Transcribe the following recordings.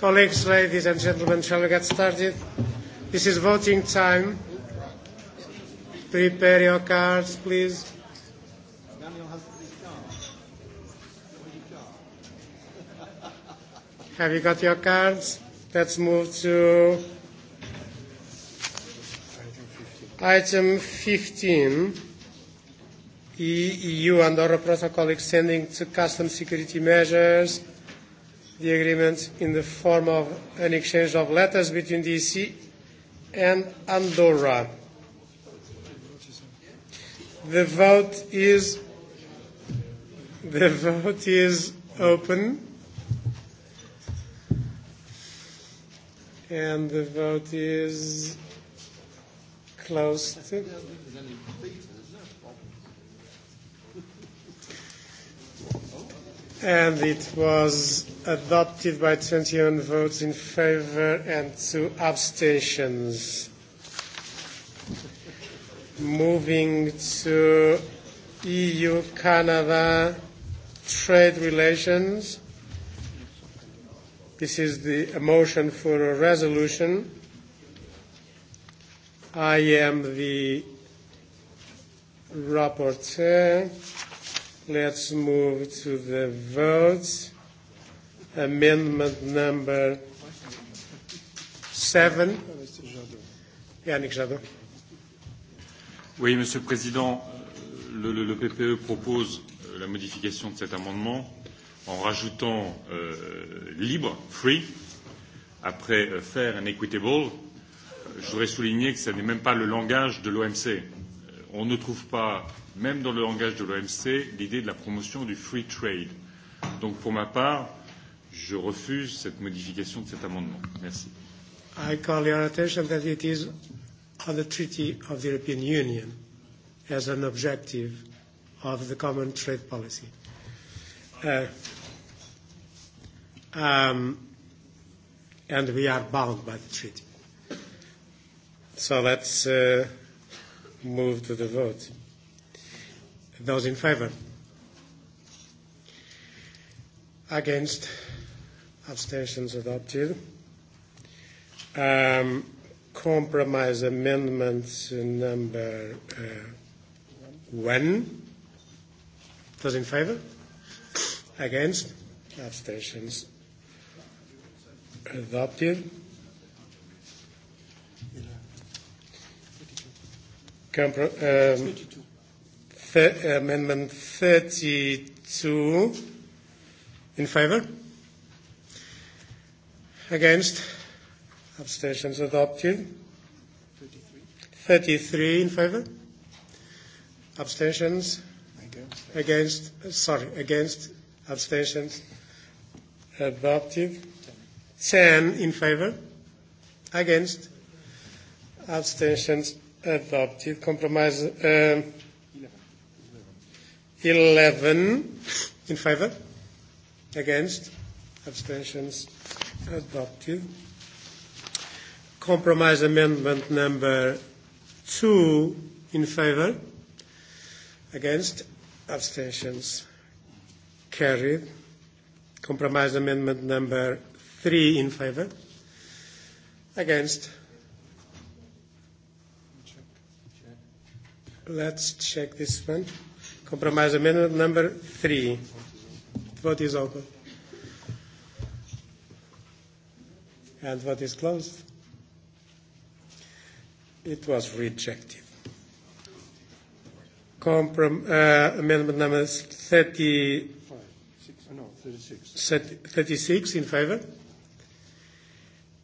Colleagues, ladies and gentlemen, shall we get started? This is voting time. Prepare your cards, please. Have you got your cards? Let's move to item 15, EU e and other protocol extending to custom security measures the agreement in the form of an exchange of letters between the EC and Andorra. The vote is the vote is open. And the vote is closed. and it was adopted by 21 votes in favor and two abstentions. Moving to EU-Canada trade relations. This is the a motion for a resolution. I am the rapporteur. Let's move to the votes. Amendment number seven. Yannick Jadot. Oui, Monsieur le Président, le, le, le PPE propose euh, la modification de cet amendement en rajoutant euh, libre, free, après euh, fair and equitable. Euh, je voudrais souligner que ce n'est même pas le langage de l'OMC. Euh, on ne trouve pas même dans le langage de l'OMC, l'idée de la promotion du free trade. Donc pour ma part, je refuse cette modification de cet amendement. Merci. I call your attention that it is on the Treaty of the European Union as an objective of the common trade policy. Uh, um, and we are bound by the treaty. So let's uh, move to the vote. Those in favor? Against? Abstentions adopted. Um, compromise amendment number uh, one. Those in favor? Against? Abstentions adopted. Compro- um, Amendment 32. In favor? Against? Abstentions adopted. 33. 33 in favor? Abstentions? Against. against sorry, against. Abstentions adopted. 10 in favor? Against? Abstentions adopted. Compromise. Uh, 11 in favor, against, abstentions adopted. Compromise amendment number 2 in favor, against, abstentions carried. Compromise amendment number 3 in favor, against, Let's check this one. Compromise amendment number three. Vote is open. And vote is closed. It was rejected. Comprom uh, amendment number 30, Five, Six, no, 36. 30, 36 in favor.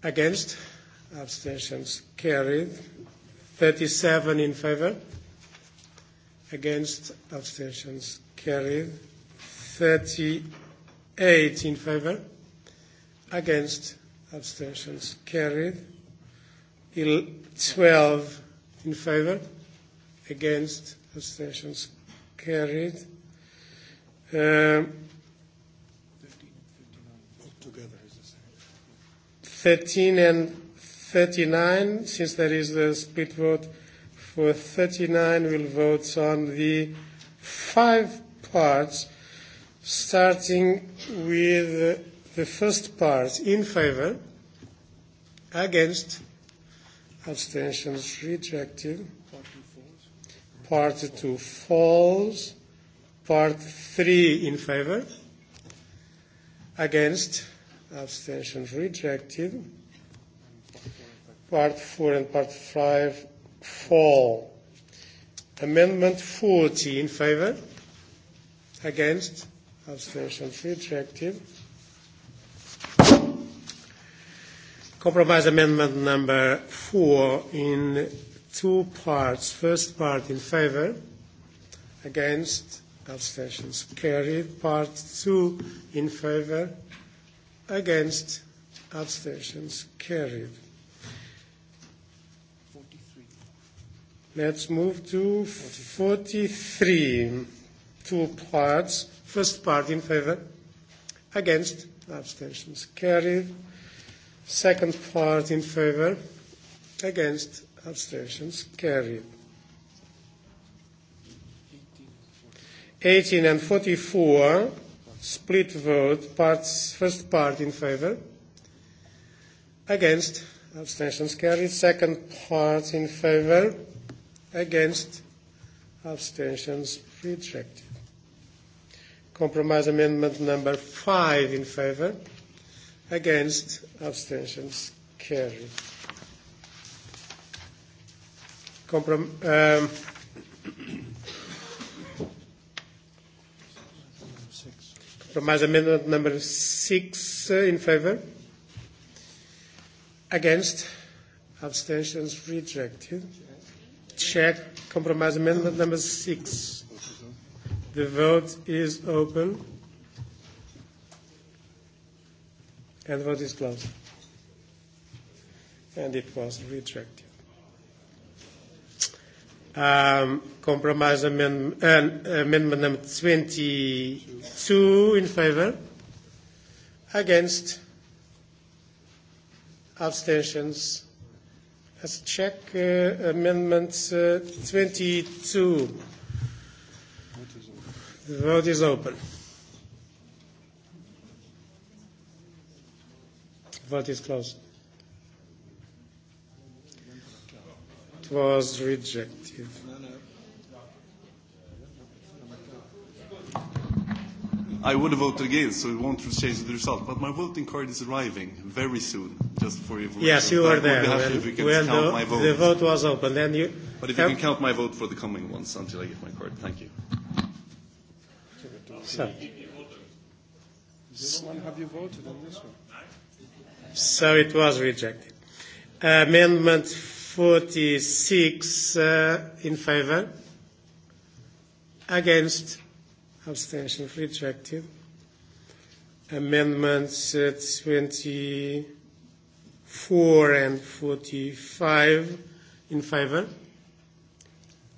Against. Abstentions carried. 37 in favor against abstentions carried 38 in favor against abstentions carried 12 in favor against abstentions carried um, 13 and 39 since there is the split vote for 39 will vote on the five parts, starting with the first part in favor, against, abstentions rejected. Part two falls. Part three in favor, against, abstentions rejected. Part four and part five. Fall. Amendment 40 in favour. Against. Abstentions rejected. Compromise amendment number 4 in two parts. First part in favour. Against. Abstentions carried. Part 2 in favour. Against. Abstentions carried. Let's move to 43. Two parts. First part in favor. Against. Abstentions carried. Second part in favor. Against. Abstentions carried. 18 and 44, split vote, parts, first part in favor. Against. Abstentions carried. Second part in favor Against? Abstentions rejected. Compromise amendment number five in favor. Against? Abstentions carried. Comprom- um, compromise amendment number six uh, in favor. Against? Abstentions rejected. Yeah check compromise amendment number six. The vote is open. And the vote is closed. And it was retracted. Um, compromise amendment, uh, amendment number 22 in favor. Against. Abstentions Let's check uh, amendment uh, 22. The vote is open. The vote is closed. It was rejected. I would have voted against, so it won't change the result. But my voting card is arriving very soon, just for you. Yes, you are there. well, if you can well, count the, my vote. The vote was open. Then you but if you can count my vote for the coming ones until I get my card. Thank you. So. one, have you voted on this one? So it was rejected. Amendment 46 uh, in favour. Against Abstentions rejected. Amendments 24 uh, and 45 in favor.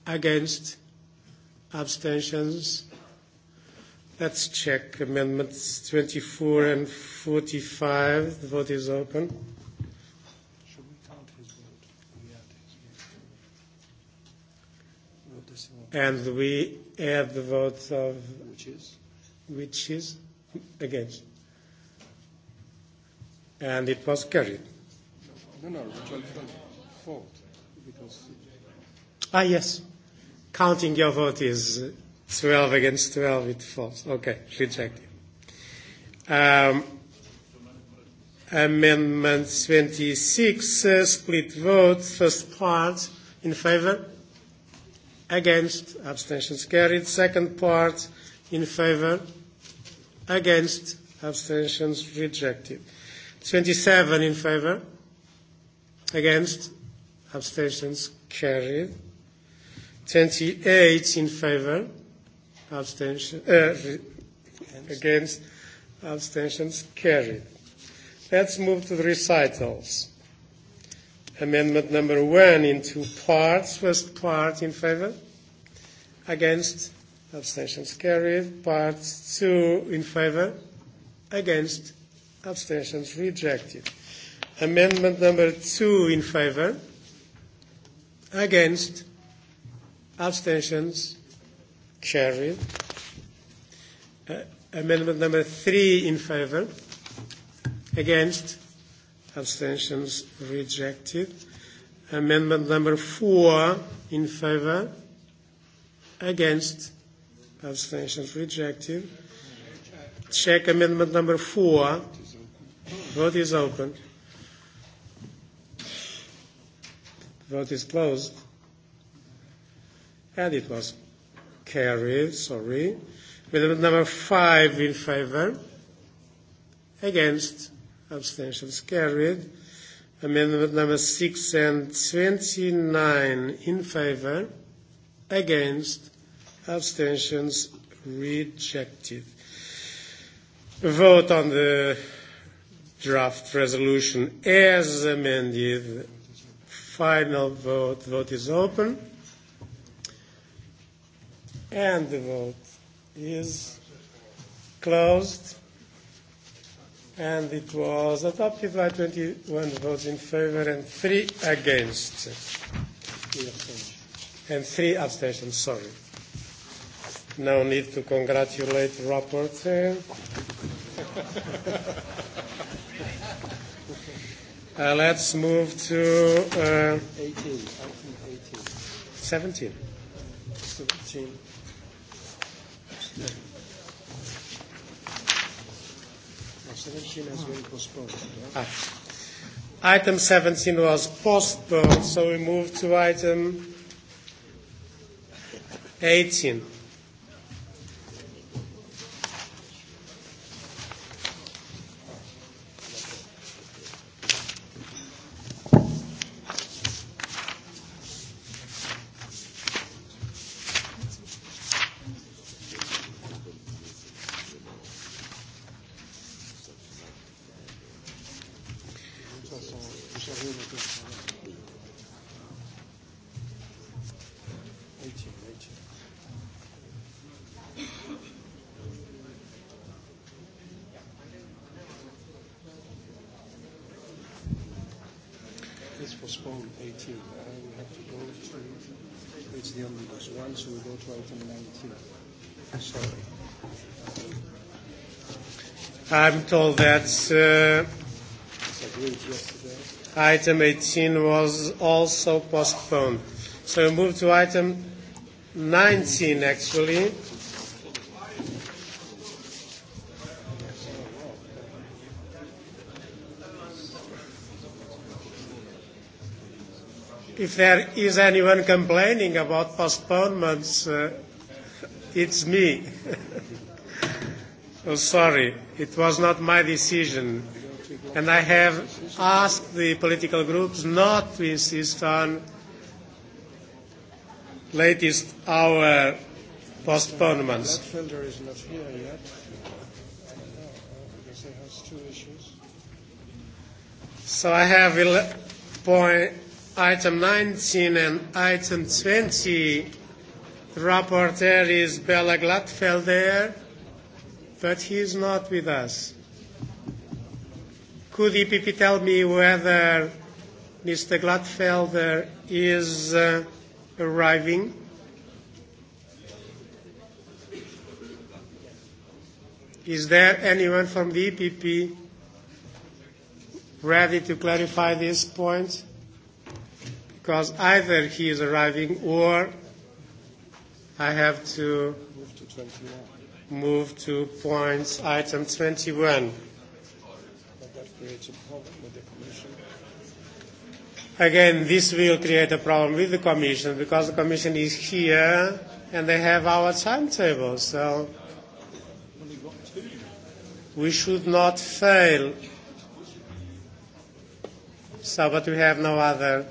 Against abstentions. Let's check amendments 24 and 45. The vote is open. Should we count his vote. And we add the votes of which is which is against and it was carried no no Rachel fault because ah yes counting your vote is 12 against 12 it falls okay rejected um, amendment 26 uh, split vote first part in favor Against, abstentions carried. Second part, in favor. Against, abstentions rejected. 27 in favor. Against, abstentions carried. 28 in favor. Abstention, uh, against. against, abstentions carried. Let's move to the recitals amendment number one in two parts. First part in favor, against, abstentions carried. Part two in favor, against, abstentions rejected. Amendment number two in favor, against, abstentions carried. Uh, amendment number three in favor, against, abstentions rejected. Amendment number four in favor, against, abstentions rejected. Check amendment number four. Vote is open. Vote is closed. And it was carried, sorry. Amendment number five in favor, against, abstentions carried. Amendment number 6 and 29 in favor, against, abstentions rejected. Vote on the draft resolution as amended. Final vote. Vote is open. And the vote is closed and it was adopted by 21 votes in favor and three against. And three abstentions, sorry. No need to congratulate the rapporteur. uh, let's move to uh, 18, 18, 18. 17. 17. 17 has been postponed. Yeah? Ah. Item 17 was postponed, so we move to item 18. Let's postpone 18. Uh, we have to go to, it's the omnibus one, so we go to item 19. Sorry. I'm told that's. uh, it's agreed Item 18 was also postponed. So we move to item 19, actually. If there is anyone complaining about postponements, uh, it's me. oh, sorry, it was not my decision. And I have asked the political groups not to insist on latest hour postponements. is not here yet. Because he has two issues. So I have point item 19 and item 20. The rapporteur is Bella Gladfelder, but he is not with us. Could EPP tell me whether Mr. Gladfelder uh, is uh, arriving? Is there anyone from the EPP ready to clarify this point? Because either he is arriving or I have to move to, move to points item 21 creates a problem with the Commission. Again, this will create a problem with the Commission because the Commission is here and they have our timetable. So we should not fail. So, but we have no other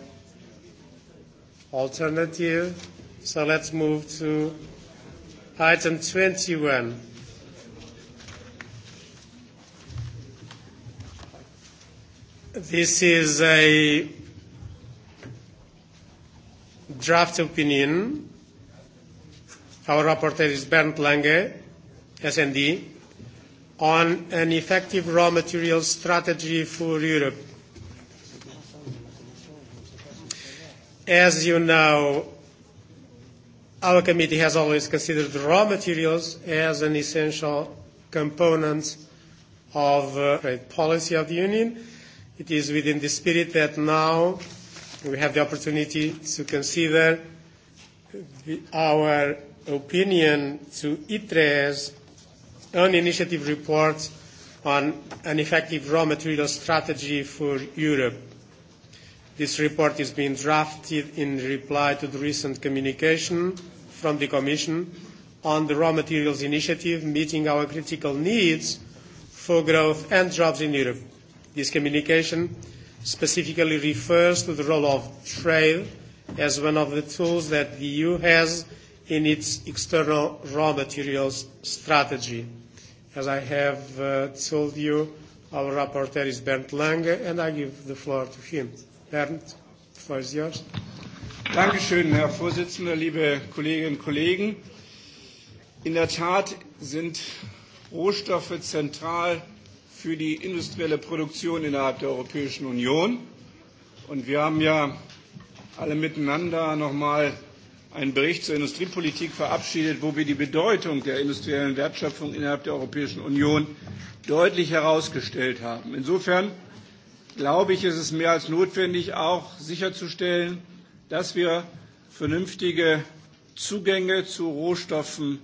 alternative. So let's move to item 21. This is a draft opinion. Our rapporteur is Bernd Lange, SND, on an effective raw material strategy for Europe. As you know, our committee has always considered raw materials as an essential component of uh, trade policy of the Union It is within the spirit that now we have the opportunity to consider the, our opinion to ITRE's own initiative report on an effective raw material strategy for Europe. This report is being drafted in reply to the recent communication from the Commission on the raw materials initiative meeting our critical needs for growth and jobs in Europe. This communication specifically refers to the role of trade as one of the tools that the EU has in its external raw materials strategy. As I have uh, told you, our rapporteur is Bernd Lange, and I give the floor to him. Bernd, the floor is yours. Dankeschön, Herr Vorsitzender, liebe Kolleginnen und Kollegen. In der Tat sind Rohstoffe zentral für die industrielle Produktion innerhalb der Europäischen Union. Und wir haben ja alle miteinander nochmal einen Bericht zur Industriepolitik verabschiedet, wo wir die Bedeutung der industriellen Wertschöpfung innerhalb der Europäischen Union deutlich herausgestellt haben. Insofern glaube ich, ist es mehr als notwendig, auch sicherzustellen, dass wir vernünftige Zugänge zu Rohstoffen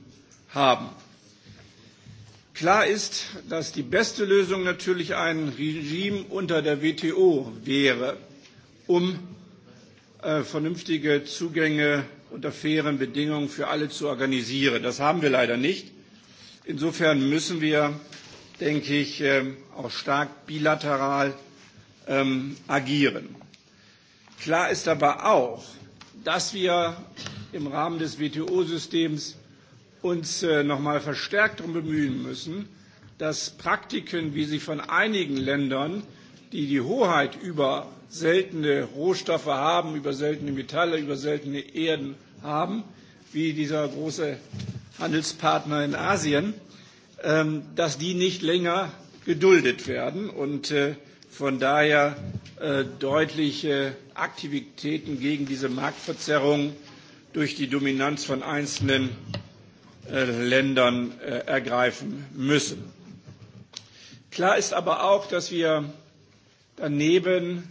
haben. Klar ist, dass die beste Lösung natürlich ein Regime unter der WTO wäre, um äh, vernünftige Zugänge unter fairen Bedingungen für alle zu organisieren. Das haben wir leider nicht. Insofern müssen wir, denke ich, äh, auch stark bilateral ähm, agieren. Klar ist aber auch, dass wir im Rahmen des WTO-Systems uns äh, noch mal verstärkt darum bemühen müssen, dass Praktiken, wie sie von einigen Ländern, die die Hoheit über seltene Rohstoffe haben, über seltene Metalle, über seltene Erden haben, wie dieser große Handelspartner in Asien, ähm, dass die nicht länger geduldet werden und äh, von daher äh, deutliche Aktivitäten gegen diese Marktverzerrung durch die Dominanz von einzelnen Äh, Ländern äh, ergreifen müssen. Klar ist aber auch, dass wir daneben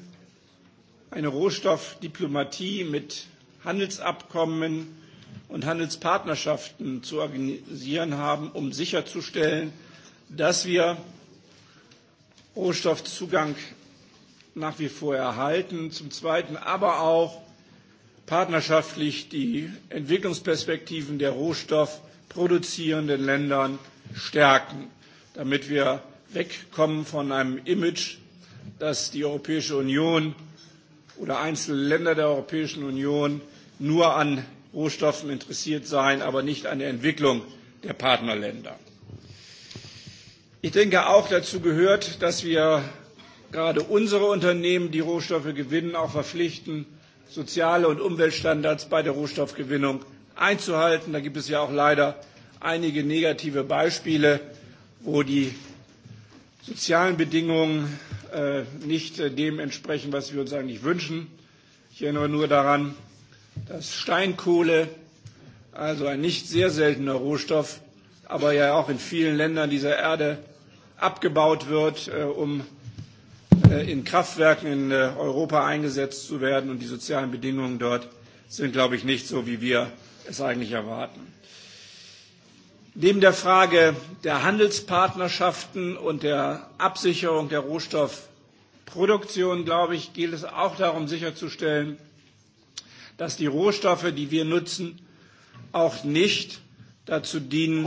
eine Rohstoffdiplomatie mit Handelsabkommen und Handelspartnerschaften zu organisieren haben, um sicherzustellen, dass wir Rohstoffzugang nach wie vor erhalten, zum Zweiten aber auch partnerschaftlich die Entwicklungsperspektiven der Rohstoff- produzierenden Ländern stärken, damit wir wegkommen von einem Image, dass die Europäische Union oder einzelne Länder der Europäischen Union nur an Rohstoffen interessiert seien, aber nicht an der Entwicklung der Partnerländer. Ich denke auch dazu gehört, dass wir gerade unsere Unternehmen, die Rohstoffe gewinnen, auch verpflichten, soziale und Umweltstandards bei der Rohstoffgewinnung einzuhalten. Da gibt es ja auch leider einige negative Beispiele, wo die sozialen Bedingungen äh, nicht äh, dem entsprechen, was wir uns eigentlich wünschen. Ich erinnere nur daran, dass Steinkohle, also ein nicht sehr seltener Rohstoff, aber ja auch in vielen Ländern dieser Erde abgebaut wird, äh, um äh, in Kraftwerken in äh, Europa eingesetzt zu werden. Und die sozialen Bedingungen dort sind, glaube ich, nicht so, wie wir es eigentlich erwarten. Neben der Frage der Handelspartnerschaften und der Absicherung der Rohstoffproduktion, glaube ich, gilt es auch darum sicherzustellen, dass die Rohstoffe, die wir nutzen, auch nicht dazu dienen,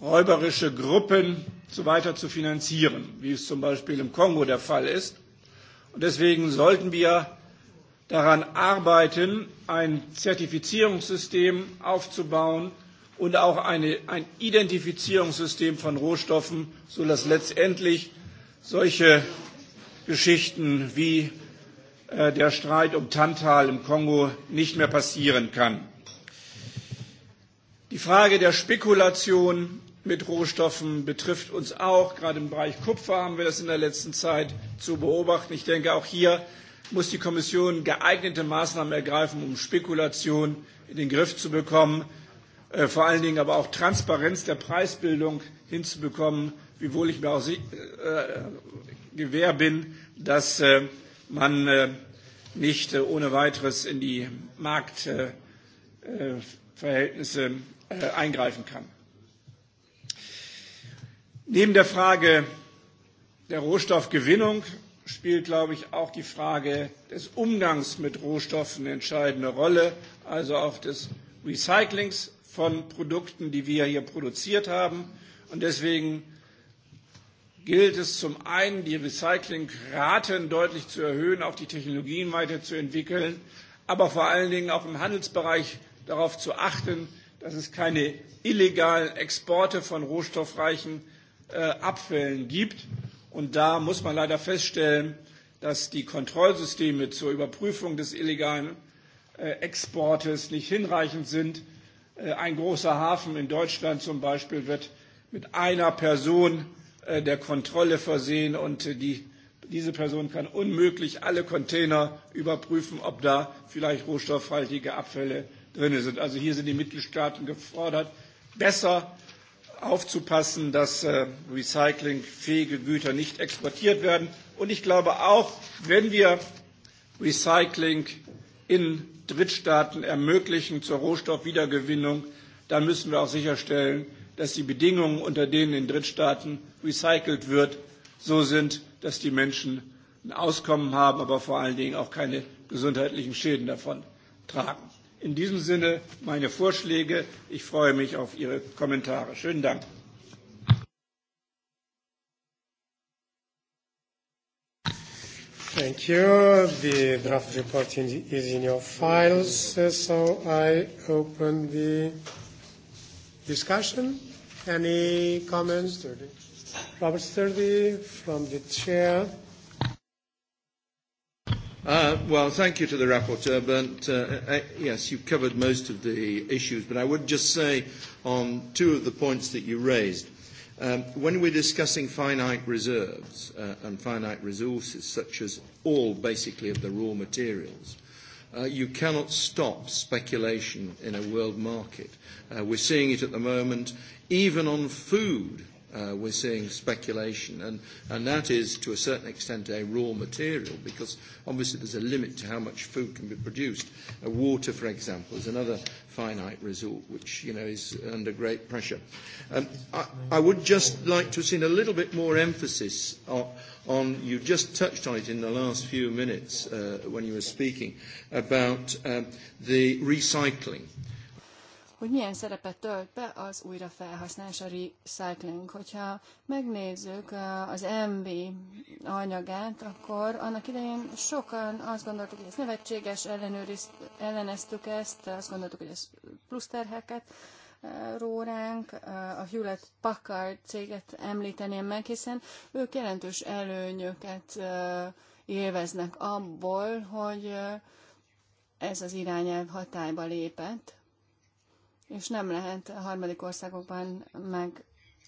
räuberische Gruppen so weiter zu finanzieren, wie es zum Beispiel im Kongo der Fall ist. Und deswegen sollten wir daran arbeiten, ein Zertifizierungssystem aufzubauen und auch eine, ein Identifizierungssystem von Rohstoffen, sodass letztendlich solche Geschichten wie äh, der Streit um Tantal im Kongo nicht mehr passieren kann. Die Frage der Spekulation mit Rohstoffen betrifft uns auch. Gerade im Bereich Kupfer haben wir das in der letzten Zeit zu beobachten. Ich denke, auch hier muss die Kommission geeignete Maßnahmen ergreifen, um Spekulation in den Griff zu bekommen, äh, vor allen Dingen aber auch Transparenz der Preisbildung hinzubekommen, wiewohl ich mir auch äh, gewähr bin, dass äh, man äh, nicht ohne weiteres in die Marktverhältnisse eingreifen kann. Neben der Frage der Rohstoffgewinnung spielt, glaube ich, auch die Frage des Umgangs mit Rohstoffen eine entscheidende Rolle, also auch des Recyclings von Produkten, die wir hier produziert haben. Und deswegen gilt es zum einen, die Recyclingraten deutlich zu erhöhen, auch die Technologien weiterzuentwickeln, aber vor allen Dingen auch im Handelsbereich darauf zu achten, dass es keine illegalen Exporte von rohstoffreichen äh, Abfällen gibt. Und da muss man leider feststellen, dass die Kontrollsysteme zur Überprüfung des illegalen äh, Exportes nicht hinreichend sind. Äh, ein großer Hafen in Deutschland zum Beispiel wird mit einer Person äh, der Kontrolle versehen und die, diese Person kann unmöglich alle Container überprüfen, ob da vielleicht rohstoffhaltige Abfälle drin sind. Also hier sind die Mitgliedstaaten gefordert, besser aufzupassen, dass äh, recyclingfähige Güter nicht exportiert werden. Und ich glaube auch, wenn wir Recycling in Drittstaaten ermöglichen zur Rohstoffwiedergewinnung, dann müssen wir auch sicherstellen, dass die Bedingungen, unter denen in Drittstaaten recycelt wird, so sind, dass die Menschen ein Auskommen haben, aber vor allen Dingen auch keine gesundheitlichen Schäden davon tragen. In diesem Sinne meine Vorschläge. Ich freue mich auf Ihre Kommentare. Schönen Dank. Thank you. The draft report is in your files, uh, so I open the discussion. Any comments? Robert Sturdy from the chair. Uh, well, thank you to the rapporteur, but uh, uh, yes, you've covered most of the issues, but I would just say on two of the points that you raised. Um, when we're discussing finite reserves uh, and finite resources, such as all basically of the raw materials, uh, you cannot stop speculation in a world market. Uh, we're seeing it at the moment, even on food uh, we're seeing speculation, and, and that is to a certain extent a raw material because obviously there's a limit to how much food can be produced. Uh, water, for example, is another finite resource which you know is under great pressure. Um, I, I would just like to have seen a little bit more emphasis on, on you just touched on it in the last few minutes uh, when you were speaking about um, the recycling hogy milyen szerepet tölt be az újrafelhasználás, a recycling. Hogyha megnézzük az MB anyagát, akkor annak idején sokan azt gondoltuk, hogy ez nevetséges, elleneztük ezt, azt gondoltuk, hogy ez plusz terheket róránk, a Hewlett Packard céget említeném meg, hiszen ők jelentős előnyöket élveznek abból, hogy ez az irányelv hatályba lépett, és nem lehet a harmadik országokban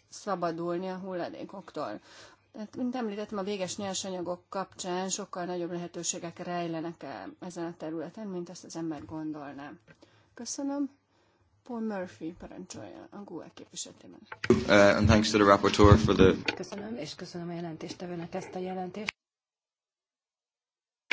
szabadulni a hulladékoktól. Tehát, mint említettem, a véges nyersanyagok kapcsán sokkal nagyobb lehetőségek rejlenek -e ezen a területen, mint ezt az ember gondolná. Köszönöm. Paul Murphy parancsolja a GUE képviseletében. Uh, and thanks to the rapporteur for the... Köszönöm, és köszönöm a jelentéstevőnek ezt a jelentést.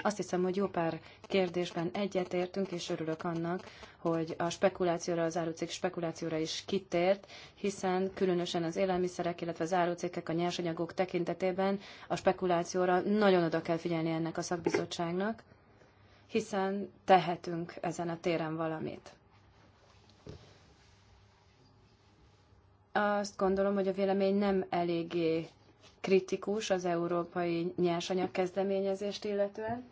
Azt hiszem, hogy jó pár kérdésben egyetértünk, és örülök annak, hogy a spekulációra, az árucikk spekulációra is kitért, hiszen különösen az élelmiszerek, illetve az árucikkek, a nyersanyagok tekintetében a spekulációra nagyon oda kell figyelni ennek a szakbizottságnak, hiszen tehetünk ezen a téren valamit. Azt gondolom, hogy a vélemény nem eléggé kritikus az európai nyersanyag kezdeményezést illetően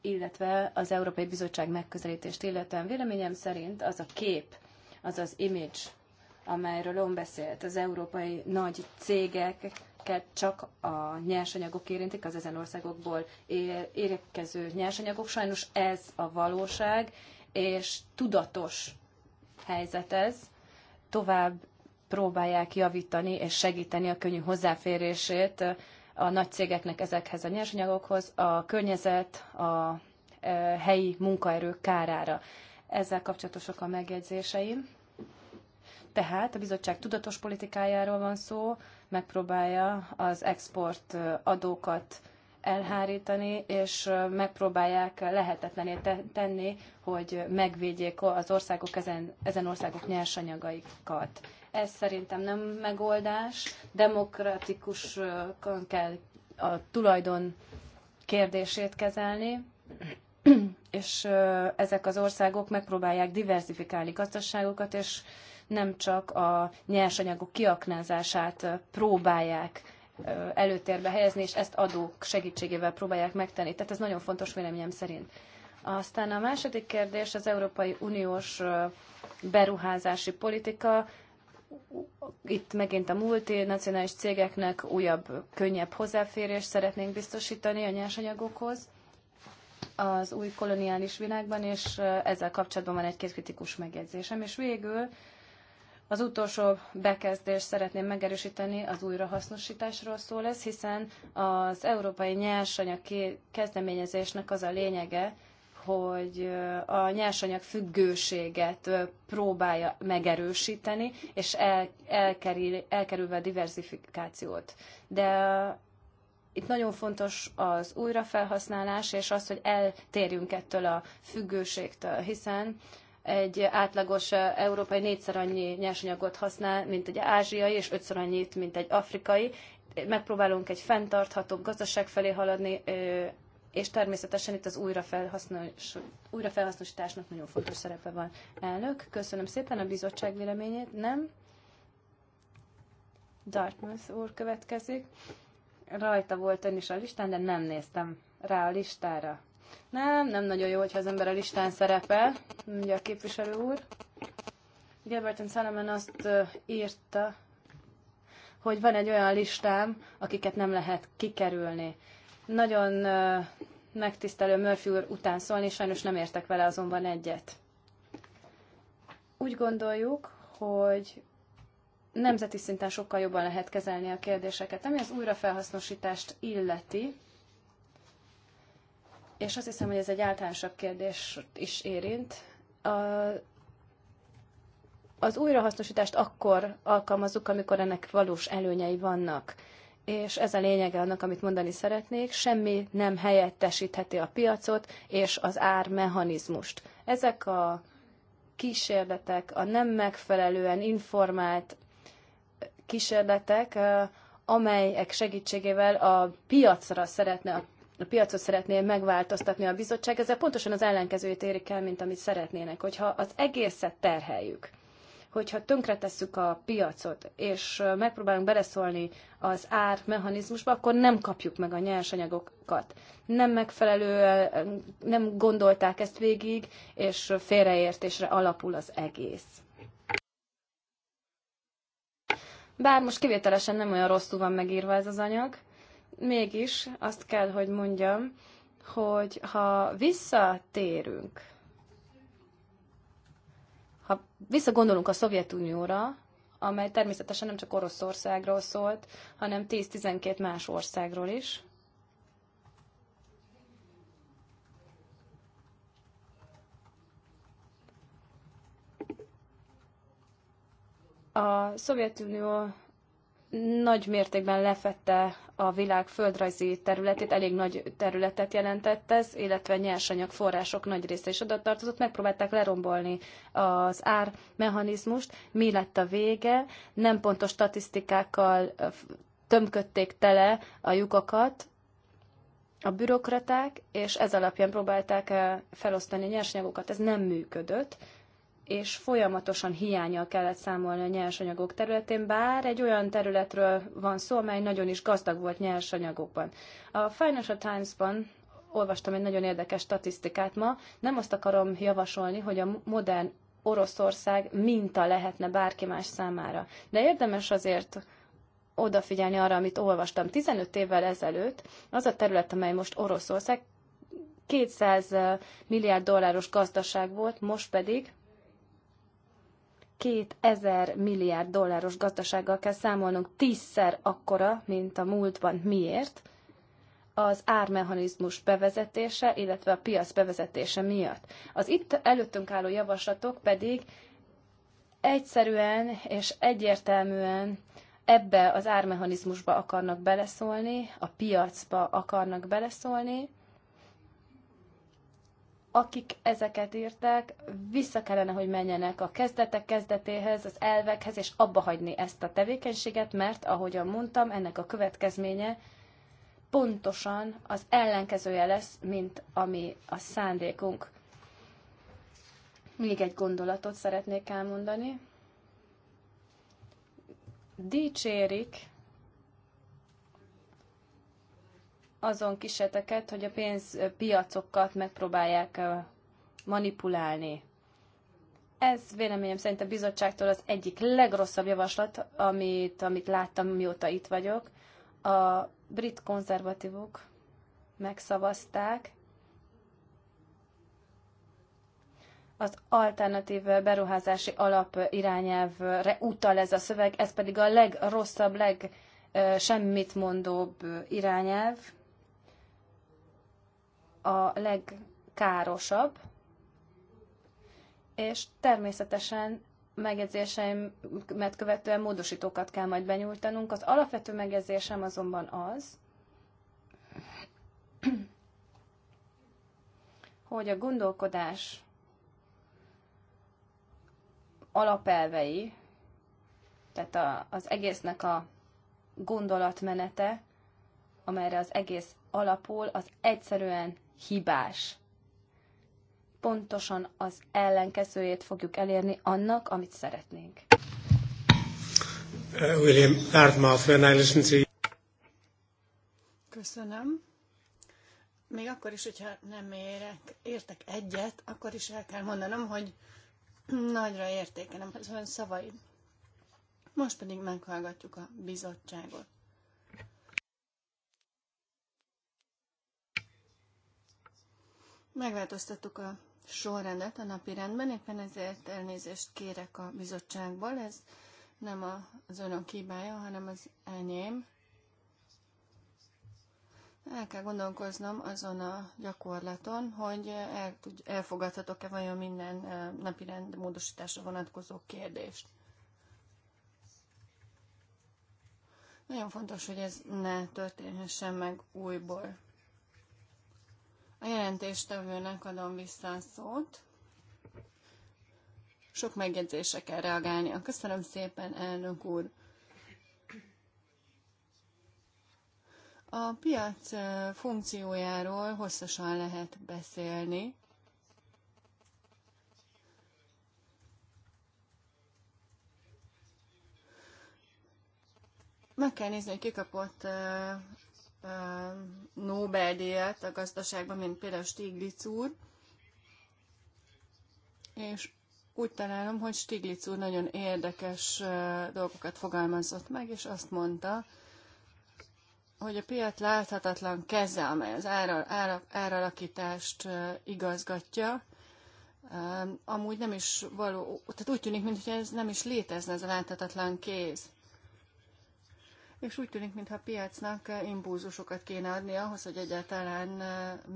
illetve az Európai Bizottság megközelítést illetően véleményem szerint az a kép, az az image, amelyről ön beszélt, az európai nagy cégeket csak a nyersanyagok érintik, az ezen országokból érkező nyersanyagok. Sajnos ez a valóság, és tudatos helyzet ez. Tovább próbálják javítani és segíteni a könnyű hozzáférését a nagy cégeknek ezekhez a nyersanyagokhoz, a környezet, a e, helyi munkaerők kárára. Ezzel kapcsolatosak a megjegyzéseim. Tehát a bizottság tudatos politikájáról van szó, megpróbálja az export e, adókat elhárítani, és megpróbálják lehetetlené tenni, hogy megvédjék az országok ezen, ezen országok nyersanyagaikat. Ez szerintem nem megoldás. Demokratikus kell a tulajdon kérdését kezelni, és ezek az országok megpróbálják diversifikálni gazdaságokat, és nem csak a nyersanyagok kiaknázását próbálják előtérbe helyezni, és ezt adók segítségével próbálják megtenni. Tehát ez nagyon fontos véleményem szerint. Aztán a második kérdés az Európai Uniós beruházási politika. Itt megint a multinacionális cégeknek újabb, könnyebb hozzáférést szeretnénk biztosítani a nyersanyagokhoz az új koloniális világban, és ezzel kapcsolatban van egy-két kritikus megjegyzésem. És végül az utolsó bekezdést szeretném megerősíteni, az újrahasznosításról szól ez, hiszen az európai nyersanyag kezdeményezésnek az a lényege, hogy a nyersanyag függőséget próbálja megerősíteni, és el, elkerül, elkerülve a diversifikációt. De itt nagyon fontos az újrafelhasználás, és az, hogy eltérjünk ettől a függőségtől, hiszen egy átlagos európai négyszer annyi nyersanyagot használ, mint egy ázsiai, és ötször annyit, mint egy afrikai. Megpróbálunk egy fenntarthatóbb gazdaság felé haladni, és természetesen itt az újrafelhasznosításnak nagyon fontos szerepe van. Elnök, köszönöm szépen a bizottság véleményét. Nem? Dartmouth úr következik. Rajta volt ön is a listán, de nem néztem rá a listára. Nem, nem nagyon jó, hogyha az ember a listán szerepel, ugye a képviselő úr. Gilbert Salomon azt írta, hogy van egy olyan listám, akiket nem lehet kikerülni. Nagyon megtisztelő Murphy úr után szólni, sajnos nem értek vele azonban egyet. Úgy gondoljuk, hogy nemzeti szinten sokkal jobban lehet kezelni a kérdéseket. Ami az újrafelhasznosítást illeti, és azt hiszem, hogy ez egy általánosabb kérdés is érint. A, az újrahasznosítást akkor alkalmazzuk, amikor ennek valós előnyei vannak. És ez a lényege annak, amit mondani szeretnék, semmi nem helyettesítheti a piacot és az ármechanizmust. Ezek a kísérletek, a nem megfelelően informált kísérletek, eh, amelyek segítségével a piacra szeretne a a piacot szeretné megváltoztatni a bizottság, ezzel pontosan az ellenkezőjét érik el, mint amit szeretnének. Hogyha az egészet terheljük, hogyha tönkretesszük a piacot, és megpróbálunk beleszólni az ár mechanizmusba, akkor nem kapjuk meg a nyersanyagokat. Nem megfelelően, nem gondolták ezt végig, és félreértésre alapul az egész. Bár most kivételesen nem olyan rosszul van megírva ez az anyag, mégis azt kell, hogy mondjam, hogy ha visszatérünk, ha visszagondolunk a Szovjetunióra, amely természetesen nem csak Oroszországról szólt, hanem 10-12 más országról is, a Szovjetunió nagy mértékben lefette a világ földrajzi területét, elég nagy területet jelentett ez, illetve nyersanyag források nagy része is oda tartozott. Megpróbálták lerombolni az ármechanizmust. Mi lett a vége? Nem pontos statisztikákkal tömködték tele a lyukakat, a bürokraták, és ez alapján próbálták felosztani a nyersanyagokat. Ez nem működött és folyamatosan hiányjal kellett számolni a nyersanyagok területén, bár egy olyan területről van szó, amely nagyon is gazdag volt nyersanyagokban. A Financial Times-ban olvastam egy nagyon érdekes statisztikát ma, nem azt akarom javasolni, hogy a modern Oroszország minta lehetne bárki más számára. De érdemes azért odafigyelni arra, amit olvastam. 15 évvel ezelőtt az a terület, amely most Oroszország, 200 milliárd dolláros gazdaság volt, most pedig 2000 milliárd dolláros gazdasággal kell számolnunk tízszer akkora, mint a múltban. Miért? Az ármechanizmus bevezetése, illetve a piac bevezetése miatt. Az itt előttünk álló javaslatok pedig egyszerűen és egyértelműen ebbe az ármechanizmusba akarnak beleszólni, a piacba akarnak beleszólni, akik ezeket írták, vissza kellene, hogy menjenek a kezdetek kezdetéhez, az elvekhez, és abba hagyni ezt a tevékenységet, mert, ahogyan mondtam, ennek a következménye pontosan az ellenkezője lesz, mint ami a szándékunk. Még egy gondolatot szeretnék elmondani. Dicsérik azon kiseteket, hogy a pénzpiacokat megpróbálják manipulálni. Ez véleményem szerint a bizottságtól az egyik legrosszabb javaslat, amit, amit láttam, mióta itt vagyok. A brit konzervatívok megszavazták az alternatív beruházási alap irányelvre utal ez a szöveg, ez pedig a legrosszabb, leg semmit mondóbb irányelv a legkárosabb, és természetesen megjegyzéseimet követően módosítókat kell majd benyújtanunk. Az alapvető megjegyzésem azonban az, hogy a gondolkodás alapelvei, tehát a, az egésznek a gondolatmenete, amelyre az egész alapul, az egyszerűen hibás. Pontosan az ellenkezőjét fogjuk elérni annak, amit szeretnénk. Uh, William Dartmouth, when I listen to you. Köszönöm. Még akkor is, hogyha nem érek, értek egyet, akkor is el kell mondanom, hogy nagyra értékelem az ön szavaid. Most pedig meghallgatjuk a bizottságot. Megváltoztattuk a sorrendet a napi rendben, éppen ezért elnézést kérek a bizottságból. Ez nem az önök kibája, hanem az enyém. El kell gondolkoznom azon a gyakorlaton, hogy el, elfogadhatok-e vajon minden napirend módosításra vonatkozó kérdést. Nagyon fontos, hogy ez ne történhessen meg újból. A jelentéstevőnek adom vissza a szót. Sok megjegyzésre kell reagálnia. Köszönöm szépen, elnök úr. A piac funkciójáról hosszasan lehet beszélni. Meg kell nézni, hogy ki kapott Nobel-díjat a gazdaságban, mint például Stiglitz úr, és úgy találom, hogy Stiglitz úr nagyon érdekes dolgokat fogalmazott meg, és azt mondta, hogy a piac láthatatlan keze, amely az ára, ára, áralakítást igazgatja, amúgy nem is való, tehát úgy tűnik, mintha ez nem is létezne, ez a láthatatlan kéz és úgy tűnik, mintha a piacnak impulzusokat kéne adni ahhoz, hogy egyáltalán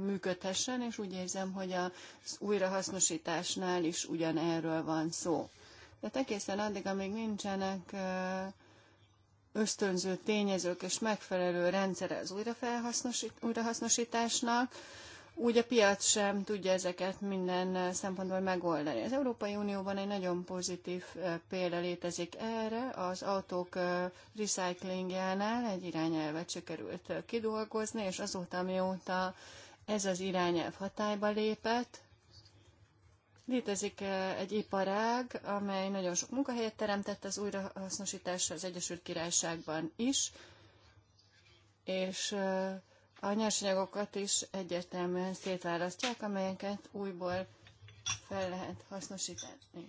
működhessen, és úgy érzem, hogy az újrahasznosításnál is ugyanerről van szó. Tehát egészen addig, amíg nincsenek ösztönző tényezők és megfelelő rendszere az újrahasznosításnak, úgy a piac sem tudja ezeket minden eh, szempontból megoldani. Az Európai Unióban egy nagyon pozitív eh, példa létezik erre, az autók eh, recyclingjánál egy irányelvet sikerült kidolgozni, és azóta, mióta ez az irányelv hatályba lépett, Létezik egy iparág, amely nagyon sok munkahelyet teremtett az újrahasznosításra az Egyesült Királyságban is, és a nyersanyagokat is egyértelműen szétválasztják, amelyeket újból fel lehet hasznosítani.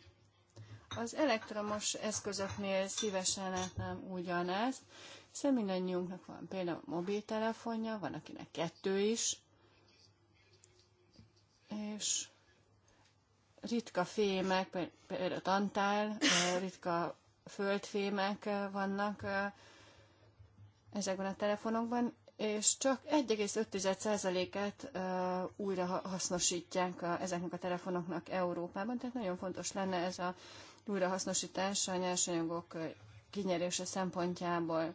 Az elektromos eszközöknél szívesen látnám ugyanezt, hiszen mindannyiunknak van például mobiltelefonja, van akinek kettő is, és ritka fémek, például tantál, ritka földfémek vannak ezekben a telefonokban, és csak 1,5%-át újra hasznosítják a, ezeknek a telefonoknak Európában, tehát nagyon fontos lenne ez a újrahasznosítás a nyersanyagok kinyerése szempontjából.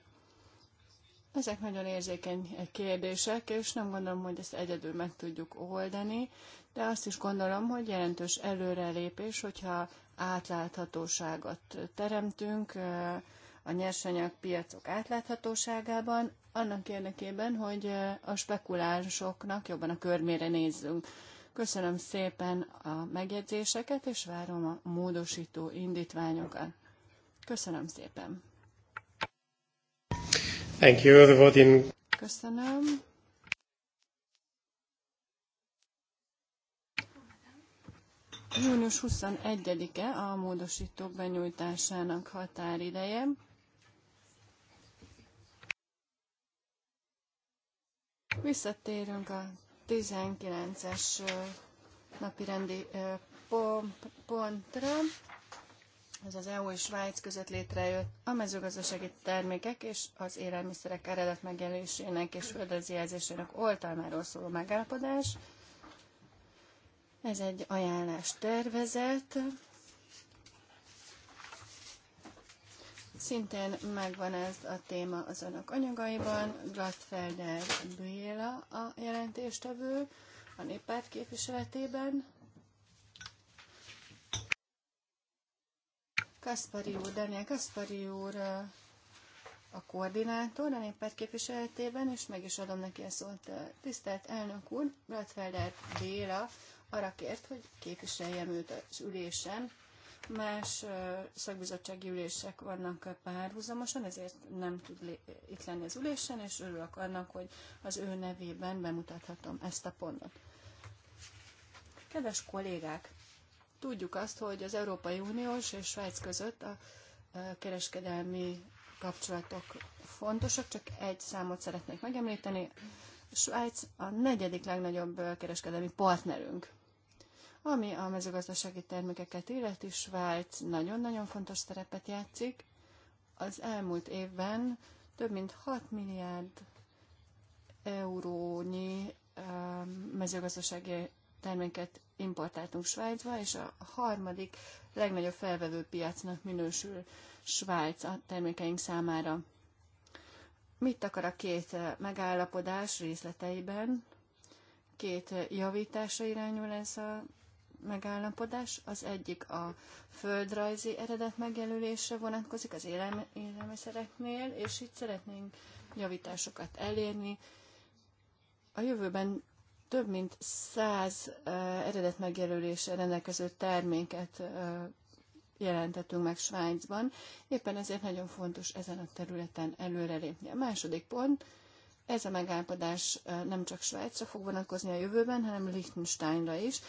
Ezek nagyon érzékeny kérdések, és nem gondolom, hogy ezt egyedül meg tudjuk oldani, de azt is gondolom, hogy jelentős előrelépés, hogyha átláthatóságot teremtünk a nyersanyag piacok átláthatóságában, annak érdekében, hogy a spekulánsoknak jobban a körmére nézzünk. Köszönöm szépen a megjegyzéseket, és várom a módosító indítványokat. Köszönöm szépen. Thank you, everybody. Köszönöm. Június 21-e a módosítók benyújtásának határideje. Visszatérünk a 19-es napirendi pontra. Ez az EU és Svájc között létrejött a mezőgazdasági termékek és az élelmiszerek eredet megjelésének és földrajzi jelzésének oltalmáról szóló megállapodás. Ez egy ajánlás tervezet. Szintén megvan ez a téma az önök anyagaiban. Gladfelder Béla a jelentéstevő a néppárt képviseletében. Kaspari úr, Daniel Kaspari úr a koordinátor a néppárt képviseletében, és meg is adom neki a szót. Tisztelt elnök úr, Gladfelder Béla arra kért, hogy képviseljem őt az ülésen, Más szakbizottsági ülések vannak párhuzamosan, ezért nem tud itt lenni az ülésen, és örülök annak, hogy az ő nevében bemutathatom ezt a pontot. Kedves kollégák, tudjuk azt, hogy az Európai Uniós és Svájc között a kereskedelmi kapcsolatok fontosak, csak egy számot szeretnék megemlíteni. Svájc a negyedik legnagyobb kereskedelmi partnerünk. Ami a mezőgazdasági termékeket illeti, Svájc nagyon-nagyon fontos szerepet játszik. Az elmúlt évben több mint 6 milliárd eurónyi mezőgazdasági terméket importáltunk Svájcba, és a harmadik legnagyobb felvevő piacnak minősül Svájc a termékeink számára. Mit akar a két megállapodás részleteiben? Két javításra irányul ez a megállapodás. Az egyik a földrajzi eredet megjelölésre vonatkozik az élelmiszereknél, és itt szeretnénk javításokat elérni. A jövőben több mint száz eredet megjelölésre rendelkező terméket jelentettünk meg Svájcban. Éppen ezért nagyon fontos ezen a területen előrelépni. A második pont, ez a megállapodás nem csak Svájcra fog vonatkozni a jövőben, hanem Liechtensteinra is.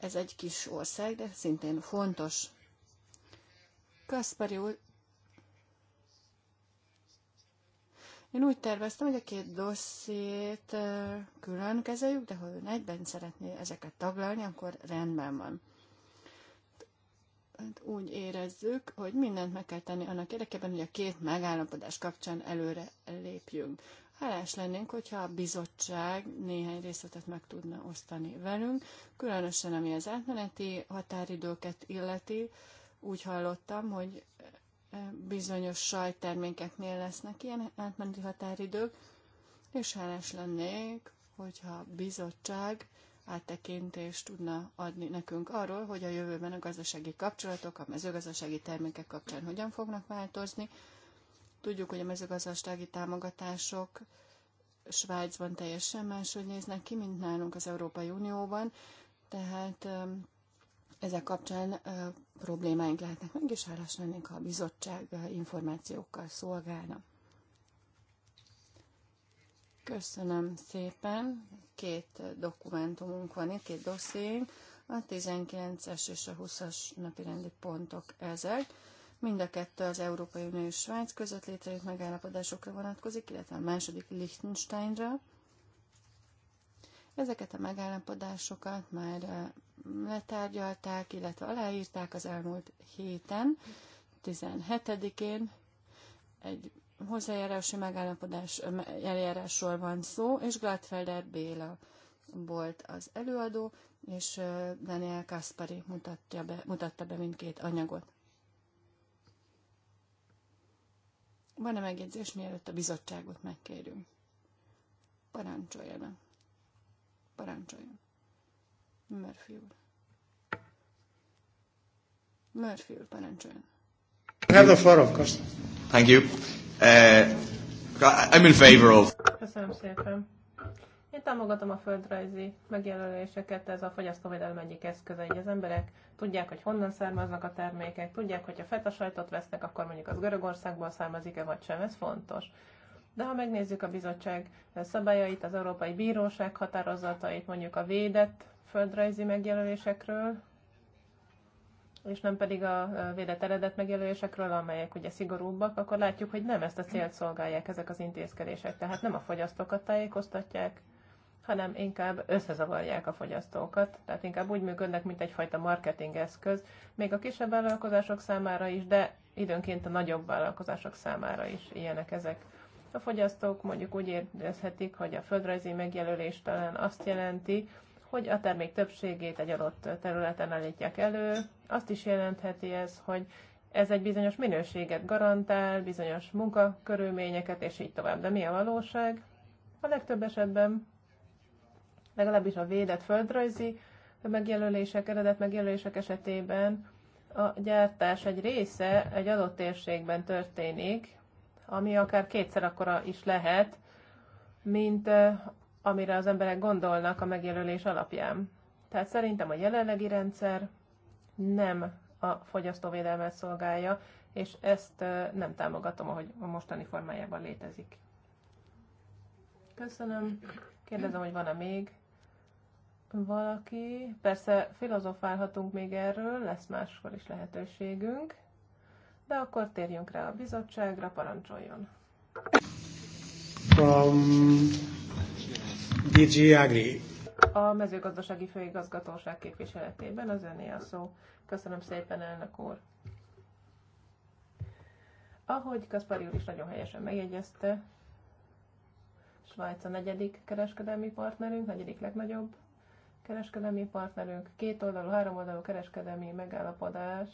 Ez egy kis ország, de szintén fontos. Kaspari úr, én úgy terveztem, hogy a két dossziét külön kezeljük, de ha ön egyben szeretné ezeket taglalni, akkor rendben van. Hát úgy érezzük, hogy mindent meg kell tenni annak érdekében, hogy a két megállapodás kapcsán előre lépjünk. Hálás lennénk, hogyha a bizottság néhány részletet meg tudna osztani velünk, különösen ami az átmeneti határidőket illeti. Úgy hallottam, hogy eh, bizonyos sajttermékeknél lesznek ilyen átmeneti határidők, és hálás lennék, hogyha a bizottság áttekintést tudna adni nekünk arról, hogy a jövőben a gazdasági kapcsolatok, a mezőgazdasági termékek kapcsán hogyan fognak változni, Tudjuk, hogy a mezőgazdasági támogatások Svájcban teljesen máshogy néznek ki, mint nálunk az Európai Unióban, tehát um, ezek kapcsán uh, problémáink lehetnek meg, és hálás lennénk, ha a bizottság uh, információkkal szolgálna. Köszönöm szépen. Két uh, dokumentumunk van itt, két dossziénk. A 19-es és a 20-as napirendi pontok ezek. Mind a kettő az Európai Unió és Svájc között létrejött megállapodásokra vonatkozik, illetve a második Liechtensteinra. Ezeket a megállapodásokat már letárgyalták, illetve aláírták az elmúlt héten, 17-én egy hozzájárási megállapodás eljárásról van szó, és Gladfelder Béla volt az előadó, és Daniel Kaspari mutatja be, mutatta be mindkét anyagot. Van-e megjegyzés, mielőtt a bizottságot megkérünk? be. Parancsolja. Murphy úr. Murphy úr, parancsoljon. Have the floor, of course. Thank you. Uh, I'm in favor of. Köszönöm szépen. Én támogatom a földrajzi megjelöléseket, ez a fogyasztóvédelem egyik eszköze, így az emberek tudják, hogy honnan származnak a termékek, tudják, hogy ha feta sajtot vesznek, akkor mondjuk az Görögországból származik-e vagy sem, ez fontos. De ha megnézzük a bizottság szabályait, az Európai Bíróság határozatait, mondjuk a védett földrajzi megjelölésekről, és nem pedig a védett eredet megjelölésekről, amelyek ugye szigorúbbak, akkor látjuk, hogy nem ezt a célt szolgálják ezek az intézkedések. Tehát nem a fogyasztókat tájékoztatják, hanem inkább összezavarják a fogyasztókat, tehát inkább úgy működnek, mint egyfajta marketingeszköz, még a kisebb vállalkozások számára is, de időnként a nagyobb vállalkozások számára is ilyenek ezek. A fogyasztók mondjuk úgy érezhetik, hogy a földrajzi megjelölés talán azt jelenti, hogy a termék többségét egy adott területen állítják elő. Azt is jelentheti ez, hogy ez egy bizonyos minőséget garantál, bizonyos munkakörülményeket, és így tovább. De mi a valóság? A legtöbb esetben legalábbis a védett földrajzi megjelölések, eredet megjelölések esetében a gyártás egy része egy adott térségben történik, ami akár kétszer akkora is lehet, mint amire az emberek gondolnak a megjelölés alapján. Tehát szerintem a jelenlegi rendszer nem a fogyasztóvédelmet szolgálja, és ezt nem támogatom, ahogy a mostani formájában létezik. Köszönöm. Kérdezem, hogy van-e még valaki. Persze filozofálhatunk még erről, lesz máskor is lehetőségünk, de akkor térjünk rá a bizottságra, parancsoljon. From DG Agri. A mezőgazdasági főigazgatóság képviseletében az öné a szó. Köszönöm szépen, elnök úr. Ahogy Kaspari úr is nagyon helyesen megjegyezte, Svájc a negyedik kereskedelmi partnerünk, negyedik legnagyobb kereskedelmi partnerünk, kétoldalú, háromoldalú kereskedelmi megállapodás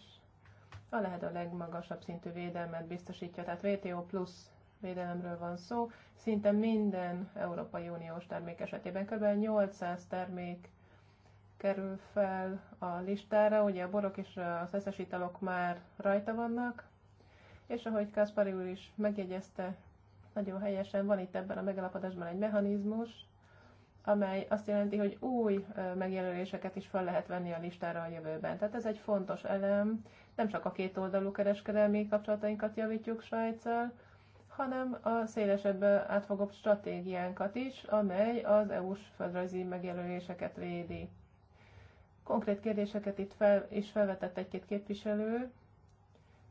a lehető legmagasabb szintű védelmet biztosítja. Tehát WTO plusz védelemről van szó. Szinte minden Európai Uniós termék esetében kb. 800 termék kerül fel a listára. Ugye a borok és a szeszes italok már rajta vannak, és ahogy Kaspari úr is megjegyezte, nagyon helyesen van itt ebben a megalapodásban egy mechanizmus, amely azt jelenti, hogy új megjelöléseket is fel lehet venni a listára a jövőben. Tehát ez egy fontos elem, nem csak a két oldalú kereskedelmi kapcsolatainkat javítjuk Svájccal, hanem a szélesebb átfogóbb stratégiánkat is, amely az EU-s földrajzi megjelöléseket védi. Konkrét kérdéseket itt fel, is felvetett egy-két képviselő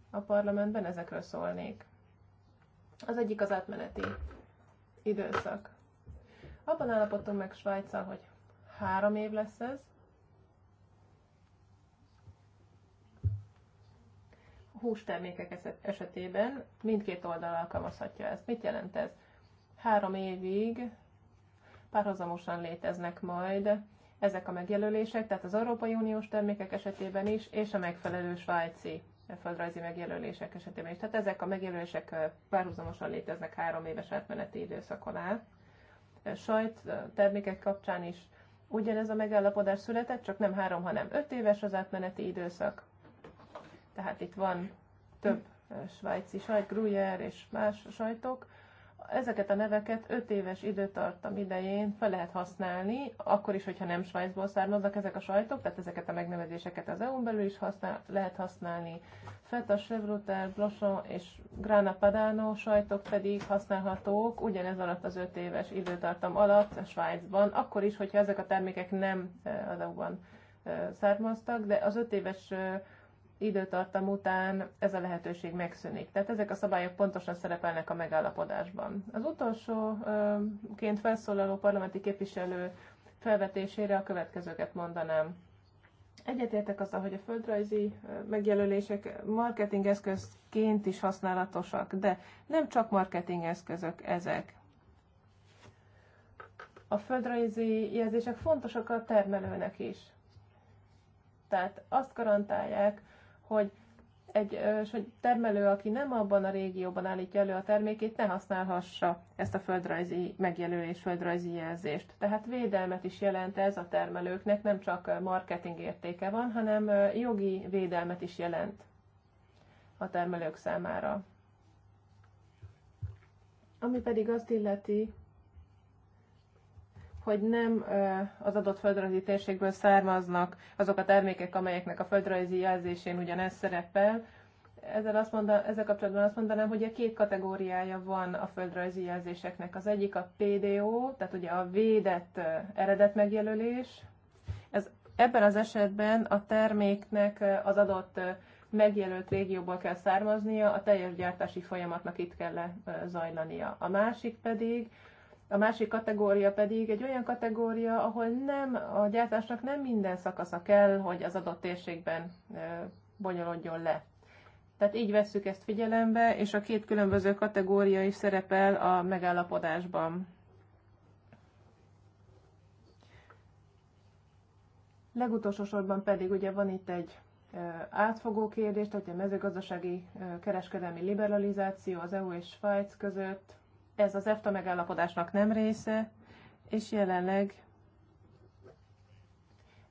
a parlamentben, ezekről szólnék. Az egyik az átmeneti időszak. Abban állapodtunk meg Svájca, hogy három év lesz ez. 20 termékek esetében mindkét oldal alkalmazhatja ezt. Mit jelent ez? Három évig párhuzamosan léteznek majd ezek a megjelölések, tehát az Európai Uniós termékek esetében is, és a megfelelő svájci földrajzi megjelölések esetében is. Tehát ezek a megjelölések párhuzamosan léteznek három éves átmeneti időszakon át sajt termékek kapcsán is ugyanez a megállapodás született, csak nem három, hanem öt éves az átmeneti időszak. Tehát itt van több svájci sajt, Gruyère és más sajtok, ezeket a neveket 5 éves időtartam idején fel lehet használni, akkor is, hogyha nem Svájcból származnak ezek a sajtok, tehát ezeket a megnevezéseket az EU-n belül is használ, lehet használni. Feta, Chevrolet, Blochon és Grana Padano sajtok pedig használhatók ugyanez alatt az 5 éves időtartam alatt a Svájcban, akkor is, hogyha ezek a termékek nem eh, az EU-ban eh, származtak, de az 5 éves eh, időtartam után ez a lehetőség megszűnik. Tehát ezek a szabályok pontosan szerepelnek a megállapodásban. Az utolsó ként felszólaló parlamenti képviselő felvetésére a következőket mondanám. Egyetértek azzal, hogy a földrajzi megjelölések marketingeszközként is használatosak, de nem csak marketingeszközök ezek. A földrajzi jelzések fontosak a termelőnek is. Tehát azt garantálják, hogy egy hogy termelő, aki nem abban a régióban állítja elő a termékét, ne használhassa ezt a földrajzi megjelölés, földrajzi jelzést. Tehát védelmet is jelent ez a termelőknek, nem csak marketing értéke van, hanem jogi védelmet is jelent a termelők számára. Ami pedig azt illeti, hogy nem az adott földrajzi térségből származnak azok a termékek, amelyeknek a földrajzi jelzésén ugyanez szerepel. Ezzel, azt mondan, ezzel kapcsolatban azt mondanám, hogy a két kategóriája van a földrajzi jelzéseknek. Az egyik a PDO, tehát ugye a védett eredet megjelölés. Ez, ebben az esetben a terméknek az adott megjelölt régióból kell származnia, a teljes gyártási folyamatnak itt kell zajlania. A másik pedig a másik kategória pedig egy olyan kategória, ahol nem a gyártásnak nem minden szakasza kell, hogy az adott térségben bonyolodjon le. Tehát így vesszük ezt figyelembe, és a két különböző kategória is szerepel a megállapodásban. Legutolsó sorban pedig ugye van itt egy átfogó kérdés, tehát a mezőgazdasági kereskedelmi liberalizáció az EU és Svájc között, ez az EFTA megállapodásnak nem része, és jelenleg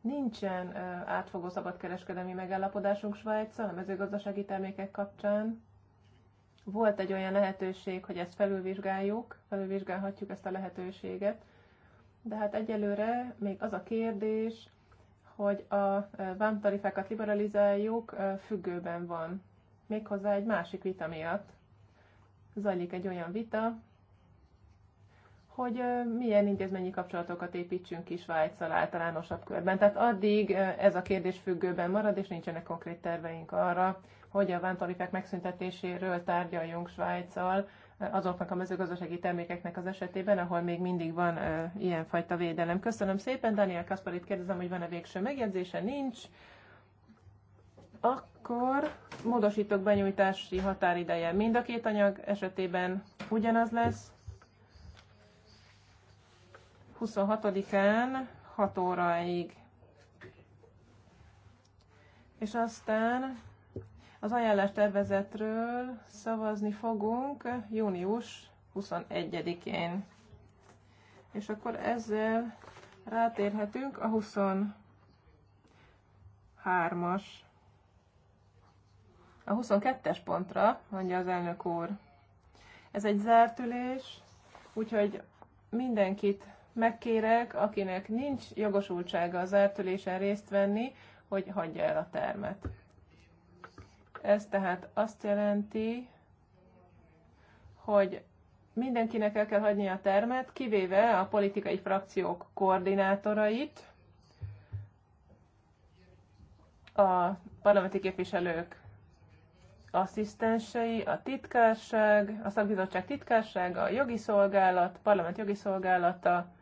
nincsen átfogó szabadkereskedelmi megállapodásunk Svájccal a mezőgazdasági termékek kapcsán. Volt egy olyan lehetőség, hogy ezt felülvizsgáljuk, felülvizsgálhatjuk ezt a lehetőséget, de hát egyelőre még az a kérdés, hogy a vámtarifákat liberalizáljuk, függőben van. Méghozzá egy másik vita miatt. Zajlik egy olyan vita, hogy milyen intézményi kapcsolatokat építsünk ki Svájccal általánosabb körben. Tehát addig ez a kérdés függőben marad, és nincsenek konkrét terveink arra, hogy a vámtarifák megszüntetéséről tárgyaljunk Svájccal azoknak a mezőgazdasági termékeknek az esetében, ahol még mindig van e, ilyenfajta védelem. Köszönöm szépen, Daniel Kasparit kérdezem, hogy van-e végső megjegyzése? Nincs. Akkor módosítok benyújtási határideje mind a két anyag esetében ugyanaz lesz. 26-án 6 óráig. És aztán az ajánlás tervezetről szavazni fogunk június 21-én. És akkor ezzel rátérhetünk a 23-as. A 22-es pontra, mondja az elnök úr. Ez egy zárt ülés, úgyhogy mindenkit megkérek, akinek nincs jogosultsága az átülésen részt venni, hogy hagyja el a termet. Ez tehát azt jelenti, hogy mindenkinek el kell hagynia a termet, kivéve a politikai frakciók koordinátorait, a parlamenti képviselők asszisztensei, a titkárság, a szakbizottság titkársága, a jogi szolgálat, parlament jogi szolgálata,